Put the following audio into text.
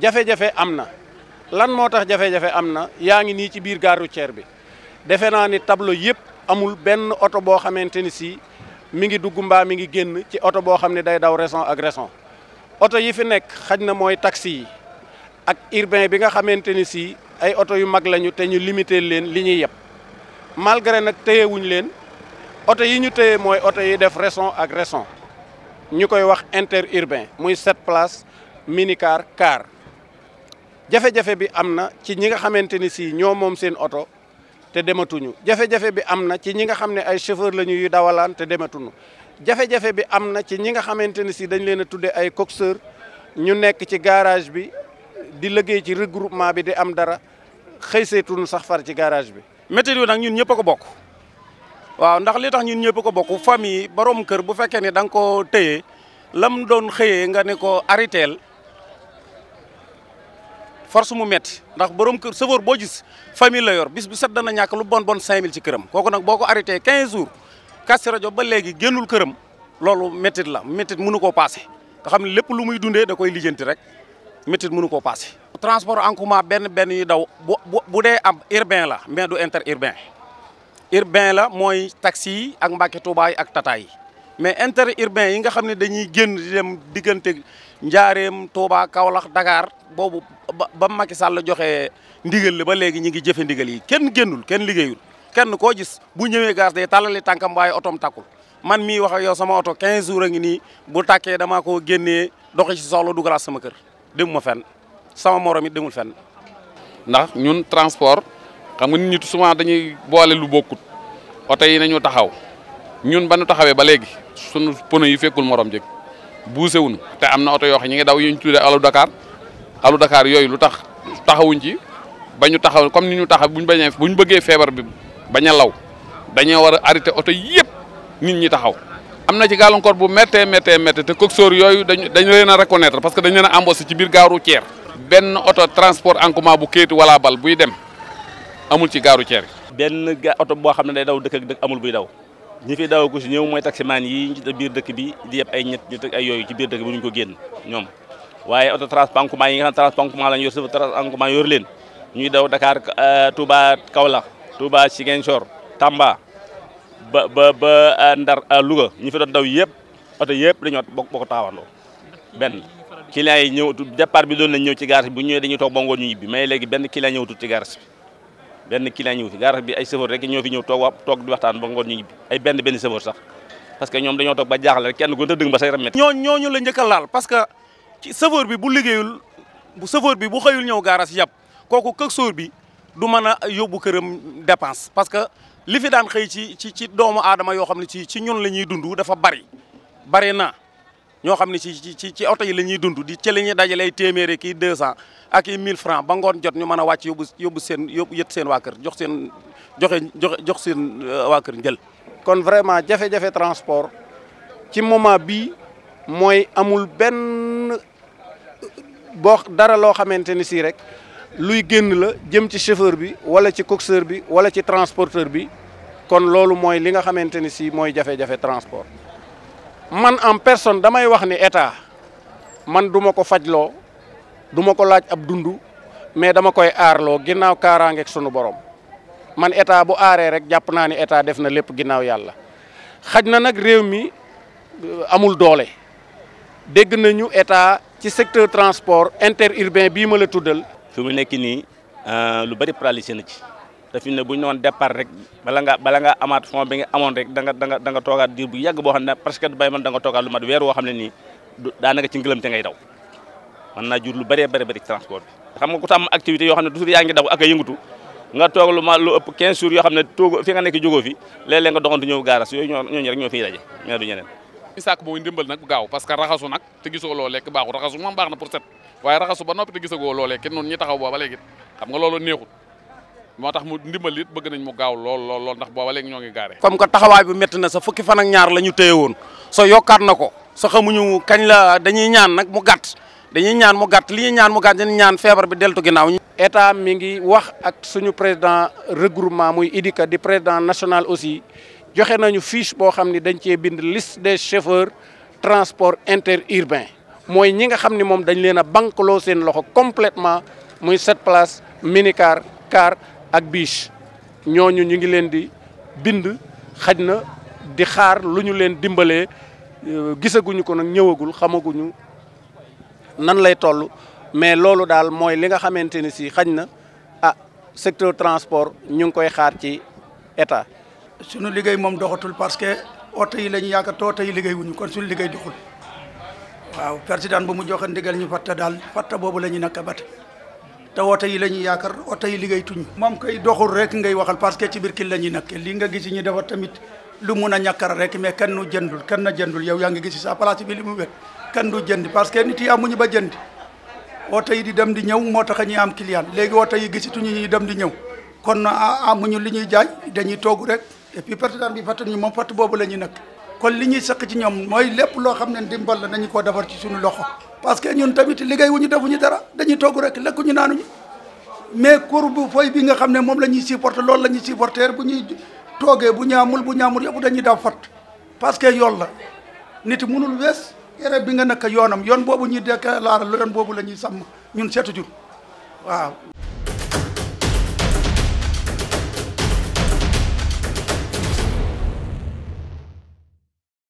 jafe-jafe am na lan moo tax jafe-jafe am na yaa ngi nii ci biir gare routière bi defe naa ni tableau yëpp amul benn oto boo xamante ni si mi ngi dugg mbaa mi ngi génn ci oto boo xam ne day daw raison ak raison oto yi fi nekk xaj na mooy taxi yi ak urbain bi nga xamante ni si ay oto yu mag lañu te ñu limité leen li ñuy yeb malgré nag téyewuñ leen oto yi ñu téye mooy oto yi def raison ak raison ñu koy wax inter interurbain muy sept place minicar car jafe-jafe bi am na ci ñi nga xamante ni si ñoo moom seen oto te dematuñu jafe-jafe bi am na ci ñi nga xam ne ay chauffeur lañu yu dawalaan te dematuñu jafe-jafe bi am na ci ñi nga xamante ni si dañ leen a tuddee ay coxeur ñu nekk ci garage bi di liggéey ci regroupement bi di am dara xëy seetunu sax far ci garage bi. météo bi nag ñun ñëpp ko bokk waaw ndax li tax ñun ñëpp ko bokk famille borom kër bu fekkee ne da nga koo téye lam doon xëyee nga ne ko aritel force mu metti ndax borom kër chauffeur bo gis famille la yor bis bu set dana ñak lu bon bon 5000 ci këram koku nak boko arrêté 15 jours Kazu radio ba légui génnul këram lolu metti la metti mënu ko passé nga xamni lepp lu muy dundé da koy lijeenti rek metti mënu ko passé. transport en commun ben benn yu daw bu bu am urbain la mais du inter urbain urbain la moy taxi ak mbacké Tuubaa ak tata yi mais inter urbain yi nga xamné dañuy genn di dem digënté ndiarém toba kaolax Dakar bobu ba Macky Sall joxé ndigal ba légui ñi ngi jëfe ndigal yi kenn gennul kenn ligéyul kenn ko gis bu ñëwé gaz day tàllali tankam waaye otom takul man mi wax ak yow sama auto 15 jours ngi ni bu také dama ko genné doxi ci soxla dugalaat sama kër demuma fenn sama morom it demul fenn. ndax ñun transport xam nga nit ñi souvent dañuy boole lu bokut auto yi nañu taxaw ñun ba taxawé ba légui sunu pono yi fekkul morom jëg bousé wuñu té amna auto oto yoo xam ñi daw yuñ tudé alu Dakar alu Dakar yoy lu tax taxawuñ ci bañu taxaw comme ni ñu taxaw buñ bañé buñ bëggé fièvre bi baña law dañé wara arrêté oto yépp nit ñi taxaw amna ci gàllankoor bu méttee méttee méttee te coxeur yoy dañu dañ leen reconnaître parce que dañu leena a ci bir garu ben auto transport en commun bu kéti wala bal buy dem amul ci garu routière ben auto bo xamné day daw dëkk ak amul buy daw ñi fi daw ko ci ñew moy man yi ci biir dëkk bi di yeb ay ñet ñu tek ay yoy ci biir dëkk bi buñ ko genn ñom waye auto transpancement yi nga xam transpancement lañ yor ci transpancement yor leen ñuy daw Dakar euh, Touba Kaolack Touba Ziguinchor Tamba ba ba ba euh, Ndar euh, Louga ñi fi doon daw yeb auto yépp dañu bok tawando ben client yi ñew départ bi doon na ñew ci gare bu ñew dañu tok bongo ñu yibbi may legi ben client ñew tu ci gare bi ben ki la ñëw fi gaaraas bi ay chauffeur rek ñoo fi ñew tok tok di waxtaan ba ngoon ñi ay benn benn chauffeur sax parce que ñom dañoo tok ba jaaxle rek kenn ku ne ba say ramet ñoo ñooñu la njëkk laal parce que ci chauffeur bi bu liggéeyul bu chauffeur bi bu xeyul ñew garas yab koku kër sóor bi du mëna yobbu kërëm dépense parce que li fi daan xey ci ci doomu adama yo xamni ci ci ñun lañuy dundu dafa bari bari na ñoo xam ne ci ci ci oto yi la dund di ci la ñuy dajalee téeméeri kii 200 ak 1000 francs ba ngoon jot ñu mën a wàcc yóbbu yóbbu seen yóbbu yët seen waa kër jox seen joxe jox seen euh, waa kër njël. kon vraiment jafé jafé transport ci moment bii mooy amul benn boo dara loo xamante ni si rek luy génn la jëm ci chauffeur bi wala ci coxeur bi wala ci transporteur bi kon loolu moy li nga xamante ni si mooy jafe-jafe transport. man en personne damay wax ni état man duma ko fajloo du ma ko laaj ab dund mais dama koy aarloo ginnaaw kaaraangeeg sunu borom man état bu aaree rek jàpp naa ni état def na lépp ginnaaw yàlla xaj na nag réew mi euh, amul doole dégg nañu état ci secteur transport inter interurbain bii ma la tuddal. fi mu nekk nii euh, lu bari paralysé na ci. da fi ne buñ non départ rek bala nga bala nga amat fond bi nga amone rek da nga da nga da nga toogaat dir bu yag bo xamne parce que bay man da nga toogaat lu mat weer wo xamne ni da naka ci te ngay daw man na jur lu bare bare bare transport xam nga ku tam activité yo xamne du toujours yaa daw ak a nga toog lu mat lu upp 15 jours yo xamne togo fi nga nek jogo fi léeg-léeg nga doxantu ñëw gaaras yooyu ñoo rek ñoo fi dajé mais du ñeneen isaak moy ndimbal nak gaaw parce que raxasu nak te gisoo lo lek baaxu raxasu mo baax na pour set waye raxasu ba nopi te gisagoo lo lek non ñi taxaw bo ba legi xam nga lolu neexut moo tax mu ndimbal bëgg nañ mu gaaw lool lool ndax booba léegi ñoo ngi gaare comme que taxawaay bi métti na sa fukki fan ñaar la ñu téye woon sa yokkaat na ko sa xamuñu kañ la dañuy ñaan nag mu gàtt dañuy ñaan mu gàtt li ñaan mu gàtt dañuy ñaan feebar bi deltu ginnaaw état mi ngi wax ak suñu président regroupement muy IDICA di président national aussi joxe nañu fiche boo xam ni dañ cee bind liste des chauffeurs transport interurbain mooy ñi nga xam ni moom dañ leen a banqueloo seen loxo complètement muy sept places minicar car ak biche ñooñu ñu ngi leen di bind xaj na di xaar lu ñu leen dimbalee euh, gisaguñu ko nag ñëwagul xamaguñu nan lay toll mais loolu daal mooy li nga xamante ni si xaj na ah secteur transport ñu ngi koy xaar ci état. sunu liggéey moom doxatul parce que oto yi lañu yaakaar te oto yi liggéey wuñu kon suñu liggéey doxul waaw président bu mu joxe ndigal ñu fatta daal fatta boobu la ñu naka te oto yi la ñuy yaakaar oto yi liggéey tuñu moom koy doxul rek ngay waxal parce que ci biir kil la ñuy nakke li nga gis ñu dafa tamit lu mun a ñàkkar rek mais kenn nu jëndul kenn na jëndul yow yaa ngi gis sa place bi li mu wet kenn du jënd parce que nit yi amuñu ba jënd oto yi di dem di ñëw moo tax ñuy am client léegi oto yi gisituñu ñu dem di ñëw kon a ah, amuñu li ñuy jaay dañuy toog rek et puis perte bi fàttali ñu moom fàtt boobu la ñuy nekk kon li ñuy sëq ci ñoom mooy lépp loo xam ne ndimbal la nañu koo defar ci suñu loxo parce que ñun tamit liggéey wu ñu defuñu dara dañuy togg rek lekkuñu naanuñu mais courbe fooy bi nga xam ne moom la ñuy supporter lool la ñuy supporter bu ñuy toogee bu ñaamul bu ñaamul yëpp dañuy daf fat parce que yoon la nit munul wees ere bi nga nekk yoonam yoon boobu ñuy déclaré yoon boobu la ñuy sàmm ñun seetu jur waaw